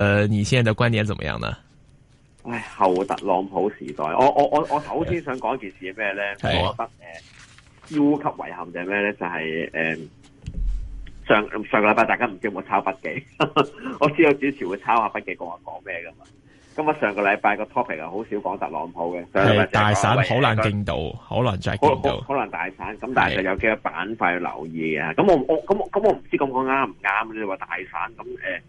誒、呃，你現在的觀點怎麼樣呢？唉、哎，後特朗普時代，我我我我首先想講一件事係咩咧？我覺得誒，超、呃、級遺憾就係咩咧？就係、是、誒、呃，上上個禮拜大家唔知有冇抄筆記， 我知道主持會抄下筆記，講話講咩噶嘛。咁、嗯、啊，上個禮拜個 topic 啊，好少講特朗普嘅，係大散好難見到，好、嗯、難就係見到，可能大散。咁但係就有幾個板塊要留意啊。咁我我咁我咁我唔知咁講啱唔啱？你話大散咁誒？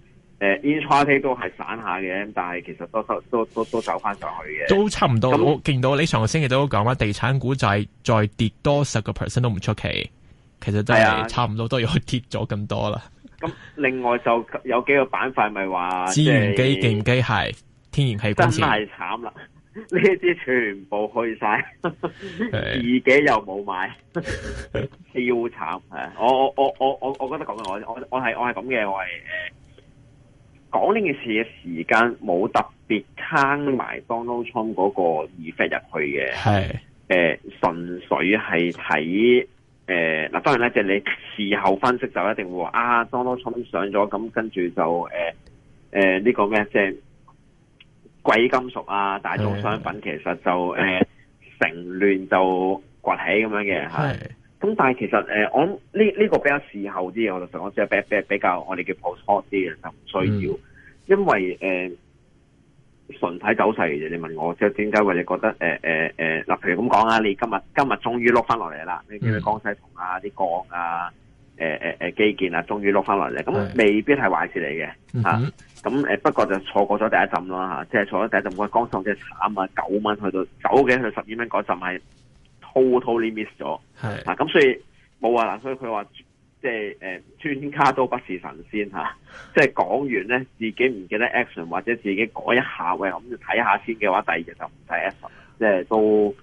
誒 i n t 都係散下嘅，但係其實都都都都走翻上去嘅，都差唔多。我見到你上個星期都講話，地產股再再跌多十個 percent 都唔出奇，其實真係差唔多都要去跌咗咁多啦。咁、嗯嗯、另外就有幾個板塊咪話資源機、建、就、機、是、械、天然氣，真係慘啦！呢 啲全部去晒，自 己又冇買，超慘、 啊、我我我我我我覺得講緊，我我我係我係咁嘅，我係誒。講呢件事嘅時間冇特別坑埋 Donald Trump 嗰個 effect 入去嘅，係，誒、呃，純粹係睇，誒，嗱，當然咧，即、就、係、是、你事後分析就一定會話啊，Donald Trump 上咗，咁跟住就，誒、呃，誒、呃，呢、這個咩，即係貴金屬啊，大宗商品其實就，誒、呃，成亂就崛起咁樣嘅，係。咁但係其實誒、呃，我呢呢、這個比較事後啲嘢我就講，我只係比比比較我哋叫 post 啲嘢就唔需要，嗯、因為誒純睇走勢嘅你問我即係點解或者覺得誒誒誒嗱，譬、呃呃呃、如咁講啊，你今日今日終於碌翻落嚟啦，咩、嗯、咩、嗯、江西銅啊、啲鋼啊、誒誒誒基建啊，終於碌翻落嚟，咁未必係壞事嚟嘅嚇。咁誒、啊嗯、不過就錯過咗第一浸啦嚇，即係錯咗第一浸，我江銅真係慘啊，九蚊去到九幾去到十二蚊嗰陣係。Totally miss 咗，係啊，咁所以冇話難，所以佢話即係誒，專、就是呃、家都不是神仙吓，即係講完咧，自己唔記得 action 或者自己改一下嘅咁就睇下先嘅話，第二日就唔睇 action，即係都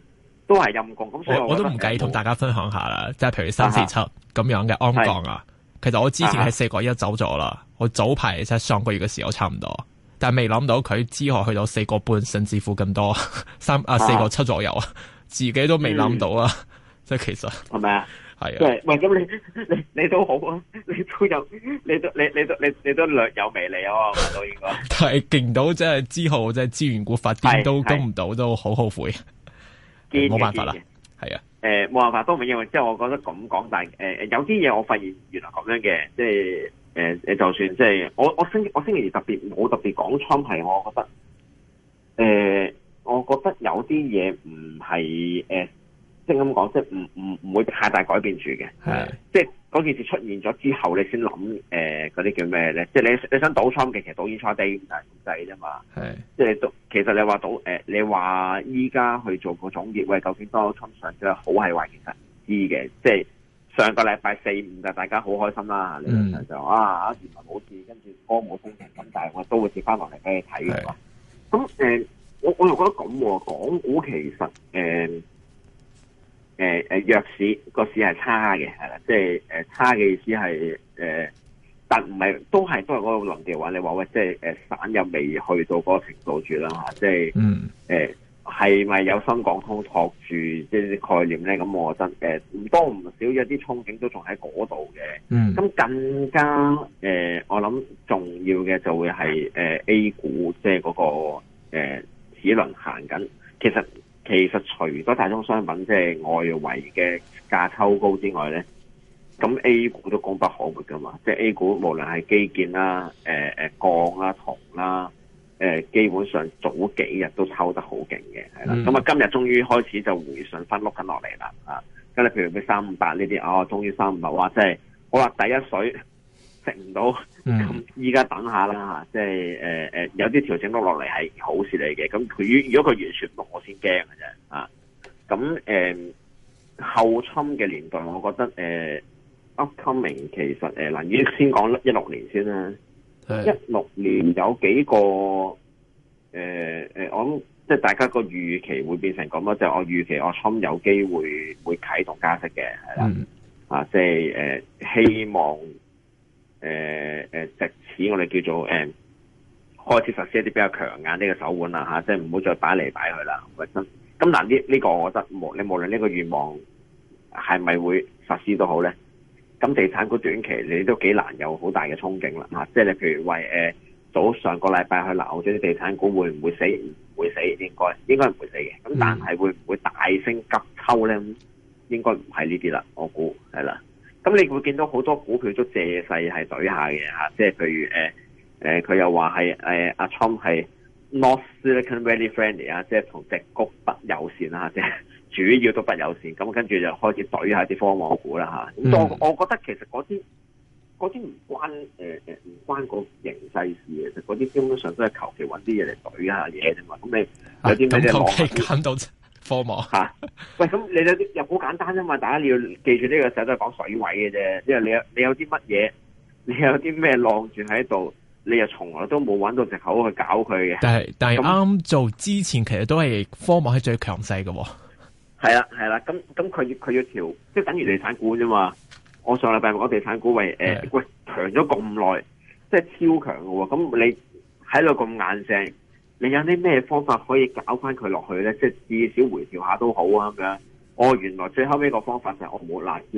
都係陰功。咁所以我，得我，我都唔計同大家分享下啦，即係譬如三四七咁樣嘅安降啊。其實我之前係四個一走咗啦，啊，我早排即係上個月嘅時候差唔多，但係未諗到佢之後去到四個半甚至乎咁多三啊四、啊、個七左右啊。自己都未諗到啊！即、嗯、係其實係咪啊？係啊！喂，咁你你你都好啊，你都有你都你你，你都你你都略有微利啊？應該係勁到即係之後即係資源股發電都跟唔到，都很好後悔。冇辦法啦，係啊？誒，冇、呃、辦法都唔係因為即係我覺得咁講，但係誒有啲嘢我發現原來咁樣嘅，即係誒誒，就算即、就、係、是、我我星我星期二特別冇特別講倉係，我覺得誒。呃我覺得有啲嘢唔係誒，即係咁講，即唔唔唔會太大改變住嘅。Yeah. 即係嗰件事出現咗之後，你先諗誒嗰啲叫咩咧？即係你你想倒倉嘅，其實倒二叉跌咁大掣啫嘛。係、yeah.，即係倒其實你話倒、呃、你話依家去做個總結，喂，究竟多倉上嘅好係壞，其實唔知嘅。即係上個禮拜四五嘅，大家好開心啦。Mm. 你嗰陣就啊，原來好冇跟住波冇風嘅，咁但係我都會接翻落嚟俾你睇咁我我又覺得咁喎、啊，港股其實誒誒誒弱市個市係差嘅，係啦，即係誒差嘅意思係誒、呃，但唔係都係都係嗰個嘅話，你話喂，即係誒散又未去到嗰個程度住啦嚇，即係誒係咪有深港通托住，即係啲概念咧？咁我覺得誒唔多唔少有啲憧憬都仲喺嗰度嘅，咁、mm. 更加誒、呃、我諗重要嘅就會係誒、呃、A 股，即係嗰、那個、呃隻輪行緊，其實其實除咗大宗商品即係外圍嘅價抽高之外呢，咁 A 股都功不可沒噶嘛。即係 A 股，無論係基建啦、誒、呃、誒鋼啦、銅啦、誒、呃、基本上早幾日都抽得好勁嘅，係啦。咁、嗯、啊，今日終於開始就回順翻碌緊落嚟啦，啊！咁你譬如咩三五八呢啲，哦，終於三五八，哇、就是！即係好啦，第一水。食唔到，咁依家等一下啦吓，即係誒誒，有啲調整落落嚟係好事嚟嘅。咁如如果佢完全唔同，我先驚嘅啫。啊，咁誒、呃、後侵嘅年代，我覺得誒、呃、，upcoming 其實誒，嗱、呃、於先講一六年先啦。一六年有幾個誒誒、呃，我諗即係大家個預期會變成咁、就是嗯、啊，就我預期我侵有機會會啟動加息嘅，係啦啊，即係誒希望。誒、呃、誒、呃，直至我哋叫做誒、呃，開始實施一啲比較強硬啲嘅手腕啦吓、啊，即係唔好再擺嚟擺去啦，咁嗱，呢呢、這個我覺得無你無論呢個願望係咪會實施都好咧，咁地產股短期你都幾難有好大嘅憧憬啦，吓、啊，即係你譬如話誒、呃，早上個禮拜去樓，即係地產股會唔會死？會死應該應該唔會死嘅，咁、嗯、但係會唔會大升急抽咧，應該唔係呢啲啦，我估係啦。咁你會見到好多股票都借勢係懟下嘅，即係譬如佢，呃呃、又話係誒阿 Trump 係係 not Silicon Valley friend 嚟啊，即係同直谷不友善啦，即係主要都不友善，咁跟住就開始懟下啲科技股啦。咁我、嗯、我，我覺得其實嗰啲嗰啲唔關唔、呃、關個形勢事嘅，其實嗰啲基本上都係求其搵啲嘢嚟懟下嘢你嘛。咁你有啲咩咧？啊科網吓， 喂，咁你哋啲又好簡單啫嘛？大家你要記住呢個時候都係講水位嘅啫，因為你有你有啲乜嘢，你有啲咩浪住喺度，你又從來都冇揾到藉口去搞佢嘅。但係、嗯、但係啱啱做之前，其實都係科網係最強勢嘅。係啦係啦，咁咁佢佢要調，即、就、係、是、等於地產股啫嘛。我上禮拜講地產股為誒喂強咗咁耐，即、呃、係超強嘅。咁你喺度咁硬性。你有啲咩方法可以搞翻佢落去咧？即係至少回調下都好啊，咁樣。哦，原來最後尾個方法就係我冇辣椒，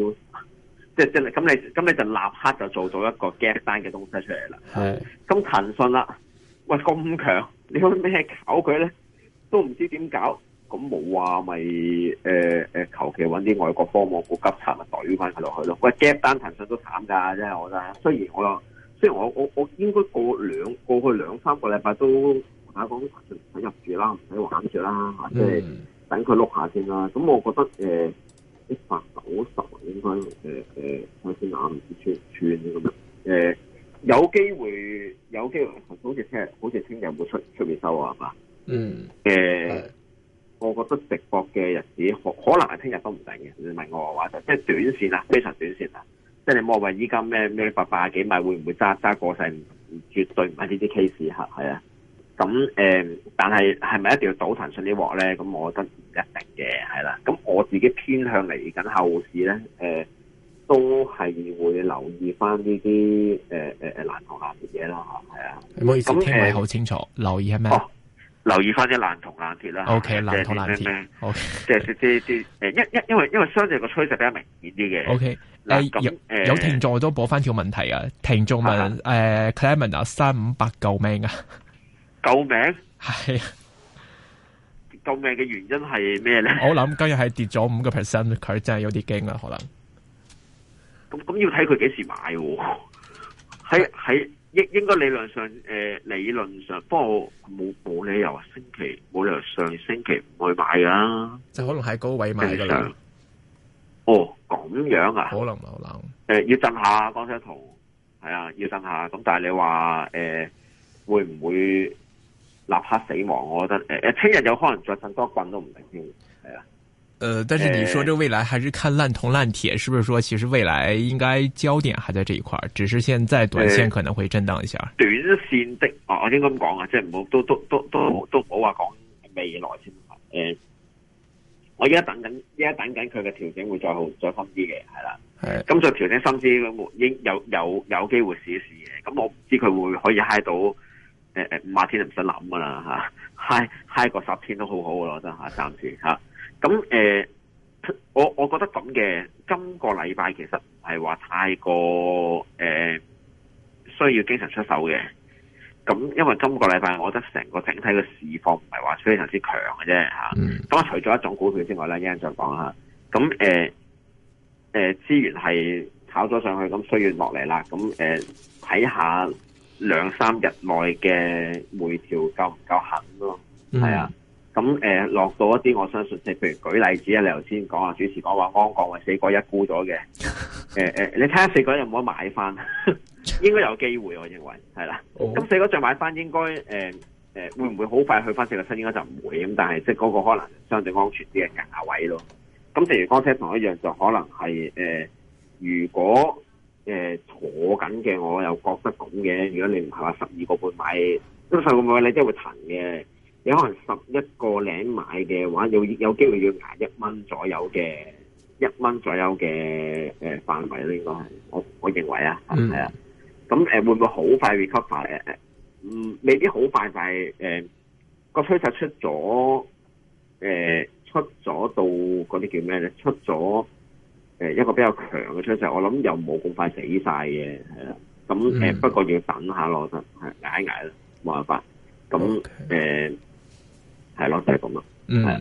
即即咁你咁你就立刻就做到一個 gap 單嘅東西出嚟啦。咁騰訊啦、啊，喂咁強，你有咩搞佢咧？都唔知點搞，咁冇話咪誒求其揾啲外國貨網股急插埋隊翻佢落去咯。喂，gap 單騰訊都慘㗎，真係我真得。雖然我雖然我我我應該過兩過去兩三個禮拜都。大家講唔使入住啦，唔使玩住啦，嚇，即係等佢碌下先啦。咁我覺得誒一百九十應該誒誒，睇先啊，唔知穿唔穿咁樣。誒有機會有機會，好似聽日好似聽日冇出出面收啊？係嘛？嗯誒，呃、我覺得直播嘅日子可可能係聽日都唔定嘅。你問我嘅話就即、是、係短線啊，非常短線啊。即、就、係、是、你唔好話依家咩咩百八幾米會唔會揸揸過世？絕對唔係呢啲 case 嚇，係啊。咁、嗯、誒，但係係咪一定要倒騰訊啲鑊咧？咁我覺得唔一定嘅，係啦。咁我自己偏向嚟緊後市咧，誒、呃，都係會留意翻呢啲誒誒誒爛銅爛嘅嘢啦，係啊。唔好意思，嗯、聽唔係好清楚，留意係咩、哦？留意翻啲爛銅爛鐵啦。O、okay, K，爛銅爛鐵。O K，即係啲啲啲因因因為因為相對個趨勢比較明顯啲嘅。O K，誒咁誒有聽眾都補翻條問題啊！聽眾問誒 Clement 啊，三五八救命啊！救命！係、啊、救命嘅原因係咩咧？我諗今日係跌咗五個 percent，佢真係有啲驚啊，可能。咁咁要睇佢幾時買喎、啊？喺喺應應該理論上，誒、呃、理論上，不過冇冇理由啊，星期冇理由上星期唔去買啦、啊，就可能喺高位買嘅。哦，咁樣啊？可能可能誒，要震下江西圖，係啊，要震下。咁但係你話誒、呃，會唔會？立刻死亡，我覺得誒誒，聽、呃、日有可能再震多棍都唔定添，係啊。誒、呃，但是你說這未來還是看爛銅爛鐵，是不是？說其實未來應該焦點還在這一塊，只是現在短線可能會震蕩一下。呃、短線的，我、啊、我應該咁講啊，即係唔好都都都都、哦、都唔好話講未來先。誒、呃，我而家等緊，而家等緊佢嘅調整會再好再深啲嘅，係啦。係。咁再調整深啲，我應有有有機會試一試嘅。咁我唔知佢會可以 high 到。誒誒，五日天就唔使諗噶啦吓嗨 i 過十天都很好好嘅咯，得吓暫時吓。咁誒、呃，我我覺得咁嘅今個禮拜其實係話太過誒、呃、需要經常出手嘅。咁因為今個禮拜，我覺得成個整體嘅市況唔係話非常之強嘅啫吓。除咗一種股票之外咧，一陣再講下。咁誒誒，資、呃呃、源係炒咗上去，咁需要落嚟啦。咁誒睇下。呃看看兩三日內嘅回調夠唔夠狠？咯？係、嗯、啊，咁誒、呃、落到一啲，我相信即係，譬如舉例子啊，你頭先講啊，主持講話安國為四個一沽咗嘅，誒 誒、呃呃，你睇下四個一有冇得買翻？應該有機會、啊，我認為係啦。咁、啊哦、四個再買翻，應該誒誒，會唔會好快去翻四個七？應該就唔會咁，但係即係嗰個可能相對安全啲嘅價位咯。咁譬如鋼鐵同一樣，就可能係誒、呃，如果。誒、呃、坐緊嘅，我又覺得咁嘅。如果你唔係話十二個半買，咁會唔會你真係會騰嘅？你可能十一個零買嘅話，有有機會要捱一蚊左右嘅，一蚊左右嘅誒範圍咧，應該係我我認為啊，係啊。咁、嗯、誒、呃、會唔會好快 recover？嗯，未必好快，但係誒個趨勢出咗、呃，出咗到嗰啲叫咩咧？出咗。誒一個比較強嘅趨勢，我諗又冇咁快死晒嘅，係啦。咁誒、嗯呃、不過要等下咯，就係捱一捱啦，冇辦法。咁誒係咯，就係咁咯。嗯。係啊。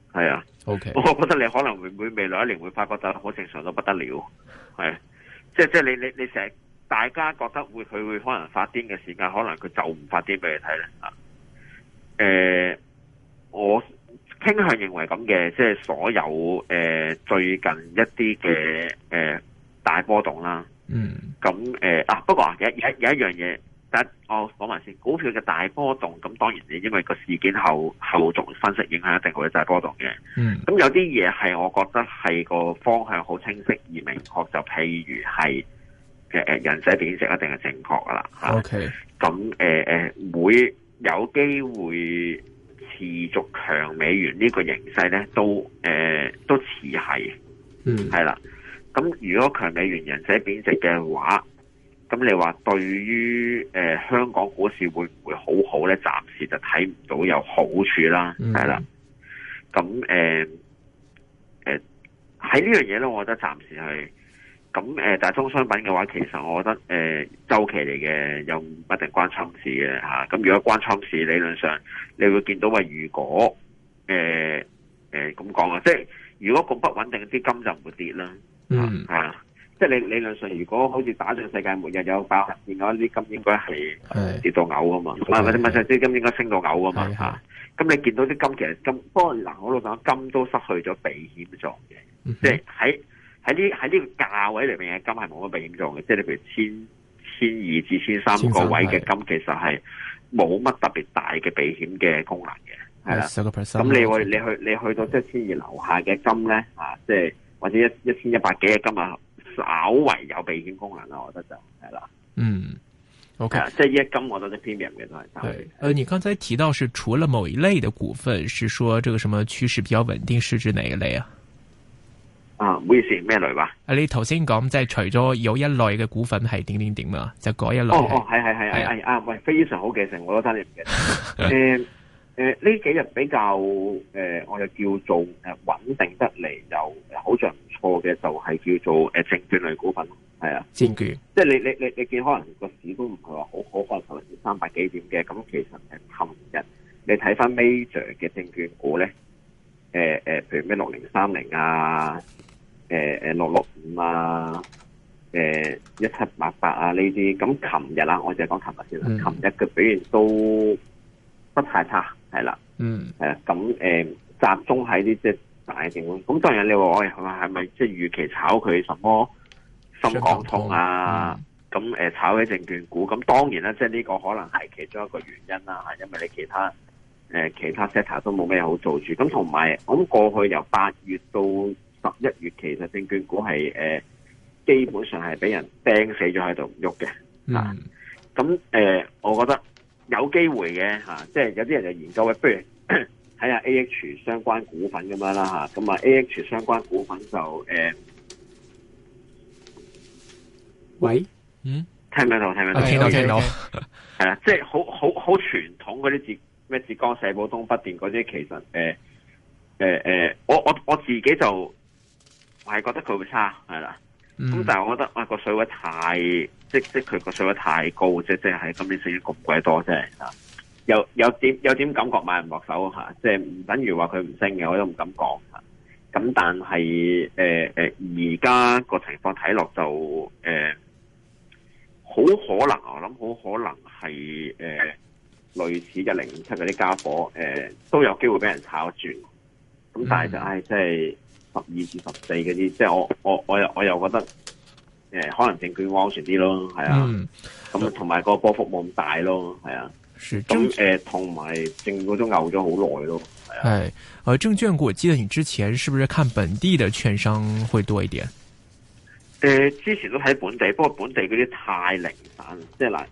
係啊，OK，我我覺得你可能會會未來一年會發覺得好正常到不得了，係啊，即係即係你你你成日大家覺得會佢會可能發癲嘅時間，可能佢就唔發癲俾你睇咧啊。誒啊，我傾向認為咁嘅，即係所有誒啊，最近一啲嘅誒大波動啦，嗯，咁誒啊，不過啊，有有有，有一樣嘢。但我講埋先說說，股票嘅大波動，咁當然你因為個事件後後續分析影響一定會大波動嘅。嗯，咁有啲嘢係我覺得係個方向好清晰而明確，就譬如係人仔貶值一定係正確噶啦。O K，咁誒誒會有機會持續強美元呢個形勢咧，都、啊、都似係，嗯，係啦。咁如果強美元人仔貶值嘅話，咁你話對於、呃、香港股市會唔會好好咧？暫時就睇唔到有好處啦，係、嗯、啦。咁誒喺呢樣嘢咧，呃呃、我覺得暫時係咁誒。大宗、呃、商品嘅話，其實我覺得誒週、呃、期嚟嘅，又唔一定關倉市嘅。咁如果關倉市，理論上你會見到話，如果誒咁講啊，即係如果咁不穩定，啲金就唔會跌啦。嗯，啊啊即係你理論上，如果好似打上世界末日有爆核電嘅話，啲金應該係跌到嘔啊嘛！唔係唔係，即係金應該升到嘔啊嘛！嚇！咁你見到啲金其實金，不過嗱，我老實講，金都失去咗避險作用嘅。即係喺喺呢喺呢個價位裏面嘅金係冇乜避險作用嘅。即係你譬如千千二至千三個位嘅金，其實係冇乜特別大嘅避險嘅功能嘅。係啦，咁你會你去你去到即係千二樓下嘅金咧，啊，即係或者一一千一百幾嘅金啊。稍微有避險功能，我覺得就係啦。嗯，OK、啊、即係一金，我覺得都嘅都係。誒、呃，你剛才提到是除了某一類嘅股份，是說這個什麼趨勢比較穩定，是指哪一類啊？啊，唔好意思，咩類話？啊，你頭先講，即係除咗有一類嘅股份係點點點啊，就嗰一類。哦、哎、哦，係係係係啊，喂，非常好嘅，成我都真係唔記得。誒、 嗯。 誒，呢幾日比較誒、呃，我哋叫做誒穩定得嚟又好像唔錯嘅，就係叫做誒證、呃、券類股份係啊，證券。即係你你你你見可能個市都唔係話好好，可能頭先三百幾點嘅，咁其實誒，琴日你睇翻 major 嘅證券股咧，誒、呃、誒、呃，譬如咩六零三零啊，誒誒六六五啊，誒一七八八啊呢啲，咁琴日啊，我淨係講琴日先啦，琴日嘅表現都不太差。係啦，嗯，係、嗯、啦，咁誒、呃，集中喺啲即係大嘅地方，咁當然你話我係咪即係預期炒佢什麼深港通啊？咁誒、嗯啊嗯、炒起證券股，咁當然啦，即係呢、這個可能係其中一個原因啦，吓，因為你其他誒、呃、其他 sector 都冇咩好做住，咁同埋，咁過去由八月到十一月，其實證券股係誒、呃、基本上係俾人掟死咗喺度唔喐嘅，嗱、嗯，咁、啊、誒、嗯呃，我覺得。有機會嘅吓、啊，即係有啲人就研究嘅，不如睇下 A H 相關股份咁樣啦吓，咁啊 A H 相關股份就誒，喂，嗯，喂聽唔聽到？聽唔 聽到？聽到聽到，係啦，即係好好好傳統嗰啲浙咩浙江社保、東北電嗰啲，其實誒誒誒，我我我自己就係覺得佢會差，係啦。咁、嗯、但係我覺得啊個水位太，即即佢個水位太高，即即係今年升咗咁鬼多啫，啊有有點有點感覺買唔落手吓，即係唔等於話佢唔升嘅，我都唔敢講吓。咁但係誒誒而家個情況睇落就誒好、呃、可能我諗好可能係誒、呃、類似一零五七嗰啲家伙誒、呃、都有機會俾人炒轉。咁但係就唉即係。嗯十二至十四嗰啲，即係我我我又我又覺得，誒、呃，可能證券安全啲咯，係啊，咁啊同埋個波幅冇咁大咯，係啊。咁誒同埋證券都牛咗好耐咯，係啊、呃。誒，證券股，我記得你之前是不是看本地的券商會多一點？誒、呃，之前都喺本地，不過本地嗰啲太零散，即係嗱，誒、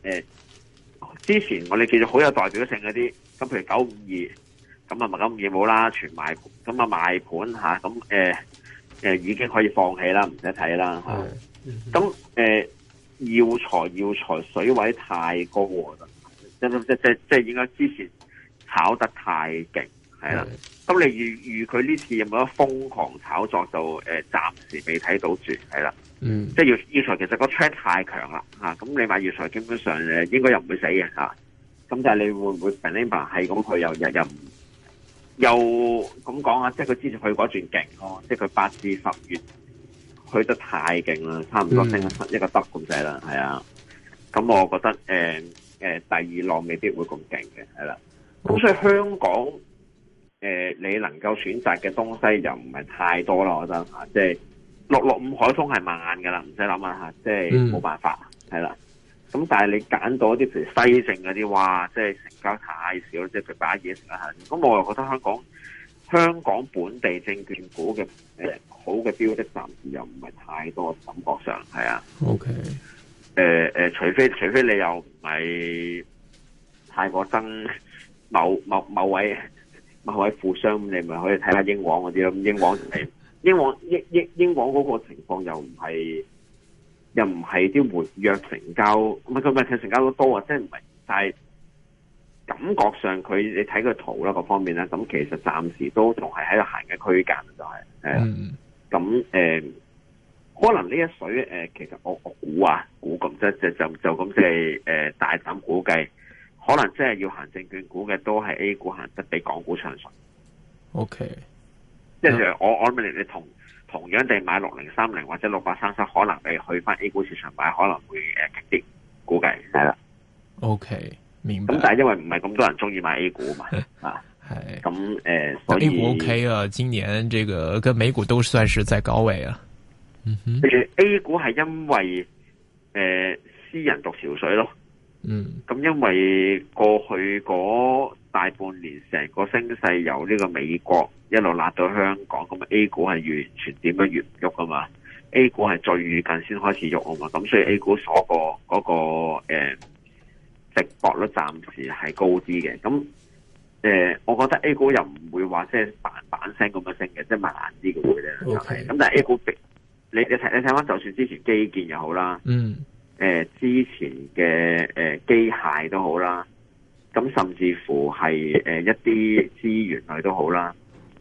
呃，之前我哋其實好有代表性嗰啲，咁譬如九五二。咁啊，咁嘢冇啦，全賣盤，咁啊賣盤嚇，咁、呃呃、已經可以放棄啦，唔使睇啦。咁誒，藥材藥材水位太高喎。即即即即應該之前炒得太勁，係啦。咁你預預佢呢次有冇得瘋狂炒作就，呃、暫時未睇到住，係啦。嗯，即藥藥材其實個 trend 太強啦咁，啊，你買藥材基本上應該又唔會死嘅咁，啊，但係你會唔會係咁？佢又日日。唔？又咁講啊，即係佢之前去嗰轉勁咯，即係佢八至十月去得太勁啦，差唔多升一個得咁滯啦，係、mm. 啊。咁、嗯、我覺得誒、呃、第二浪未必會咁勁嘅，係啦。咁、okay. 所以香港誒、呃、你能夠選擇嘅東西又唔係太多啦，我覺得即係六六五海通係慢噶啦，唔使諗下，即係冇辦法係啦。Mm. 咁、嗯、但係你揀到啲譬如西證嗰啲，哇！即係成交太少，即係佢擺嘢唔得閑。咁我又覺得香港香港本地證券股嘅好嘅標的，呃、的標暫時又唔係太多。感覺上係啊。O、okay. K、呃。誒、呃、誒，除非除非你又唔係太過憎某某某，某位某位富商，你咪可以睇下英皇嗰啲咯。英皇係 英皇英英英皇嗰個情況又唔係。又唔係啲活躍成交，唔係佢唔係成交都多啊，即係唔係，但係感覺上佢你睇個圖啦，各方面咧，咁其實暫時都仲係喺度行嘅區間，就、嗯、係，誒、嗯，咁、嗯、誒，可能呢一水誒，其實我我估啊，估咁即係就就咁即係誒大膽估計，可能即係要行證券股嘅，都係 A 股行得比港股暢順。O、okay, K，即係、嗯、我我諗你同。你同樣地買六零三零或者六八三三，可能你去返 A 股市場買可能會誒激啲，估計係啦。OK，明白。咁但係因為唔係咁多人鍾意買 A 股嘛， 啊，咁誒、呃，所以 OK 啊。今年呢個跟美股都算是在高位啊。嗯哼，A 股係因為誒、呃、私人讀潮水咯。嗯，咁因為過去嗰大半年成個升勢由呢個美國。一路辣到香港，咁 A 股係完全點樣越唔喐啊嘛？A 股係最近先開始喐啊嘛，咁所以 A 股所、那個嗰個、呃、值博率暫時係高啲嘅。咁誒、呃，我覺得 A 股又唔會話即係板板聲咁樣升嘅，即係慢啲嘅會咧，就係、是。咁、okay. 但係 A 股，你你睇你睇翻，就算之前基建又好啦，嗯、mm. 呃，誒之前嘅誒、呃、機械都好啦，咁甚至乎係誒、呃、一啲資源類都好啦。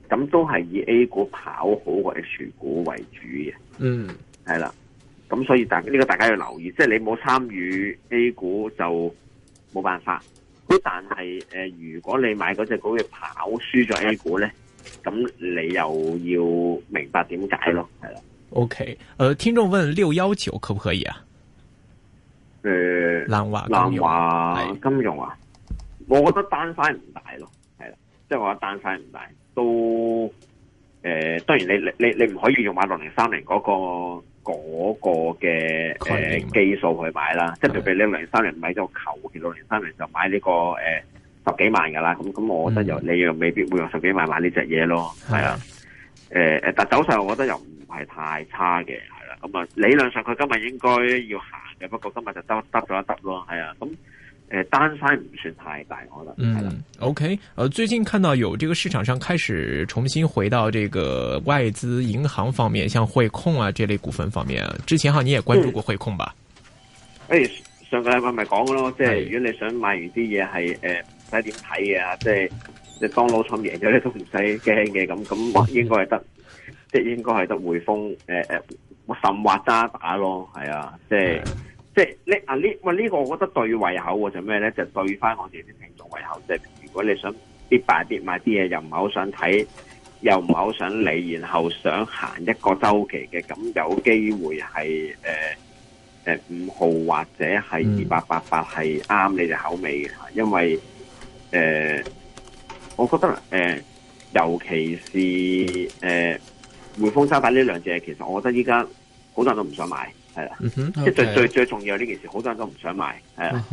咁都係以 A 股跑好個 H 股為主嘅、嗯，嗯，係啦。咁所以大呢個大家要留意，即係你冇參與 A 股就冇辦法。但係誒、呃，如果你買嗰隻股嘅跑輸咗 A 股咧，咁你又要明白點解咯。係啦。O K，誒，聽眾問六幺九可唔可以啊？誒、呃，南華、南華金融啊，我覺得彈幅唔大咯，係啦，即係我覺得彈幅唔大。都誒、呃，當然你你你你唔可以用買六零三零嗰個嘅誒、那個呃、基數去買啦，即係譬如你六零三零買咗個球，其實六零三零就買呢、這個誒、呃、十幾萬㗎啦。咁咁，我覺得又你又未必會用十幾萬買呢隻嘢咯，係啊。誒誒、呃，但走勢我覺得又唔係太差嘅，係啦。咁啊，理論上佢今日應該要行嘅，不過今日就得得咗一得咯，係啊。咁。誒、呃，單飛唔算太大我覺得。嗯，OK，誒、呃，最近看到有這個市場上開始重新回到這個外資銀行方面，像匯控啊這類股份方面。之前好你也關注過匯控吧？誒、嗯哎，上個禮拜咪講咯，即係如果你想買完啲嘢係誒，唔使點睇嘅啊，即係當老襯贏咗你都唔使驚嘅，咁咁應該係得，即係應該係得匯豐誒誒，我、呃、甚或渣打咯，係啊，即係。嗯即係呢啊呢喂呢個我覺得對胃口喎，就咩咧？就對翻我自己啲聽眾胃口。即係如果你想跌 buy 跌買啲嘢，又唔係好想睇，又唔係好想理，然後想行一個周期嘅，咁有機會係誒誒五號或者係二八八八係啱你哋口味嘅吓、嗯。因為誒、呃，我覺得誒、呃，尤其是誒、呃、匯豐渣打呢兩隻，其實我覺得依家好多人都唔想買。係啦，即 係樂最最、okay. 最重要呢件事，好多人都唔想買，係啦。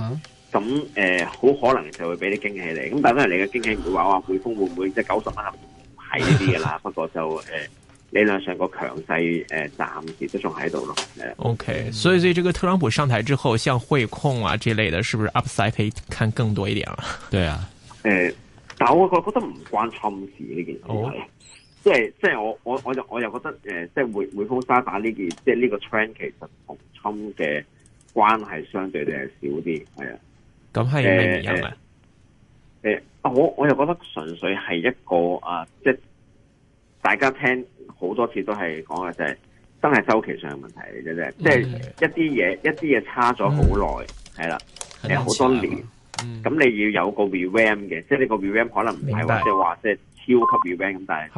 咁、uh、誒 -huh.，好、呃、可能就會俾啲驚喜你喜。咁但係可能你嘅驚喜唔會話話匯豐會唔會即係九十蚊係呢啲噶啦？就是、 不過就誒，理、呃、論上個強勢誒，暫、呃、時都仲喺度咯。OK。Okay. Mm -hmm. 所以所以，這個特朗普上台之後，像匯控啊這類的，是不是 upside 可以看更多一點啦？對啊，誒，但我覺覺得唔關川普事呢、oh. 件事即係即係我我我就我又覺得即係每匯豐渣打呢件，即係呢個 trend 其實同沖嘅關係相對地係少啲，係啊。咁係咩原因啊？誒、欸欸，我我又覺得純粹係一個啊，即係大家聽好多次都係講嘅，就係真係周期上嘅問題嚟嘅啫。即係一啲嘢，一啲嘢差咗好耐，係、嗯、啦，誒好多年。咁、嗯、你要有個 rebrand 嘅，即係呢個 rebrand 可能唔係話即係話即係超級 rebrand 咁，但係。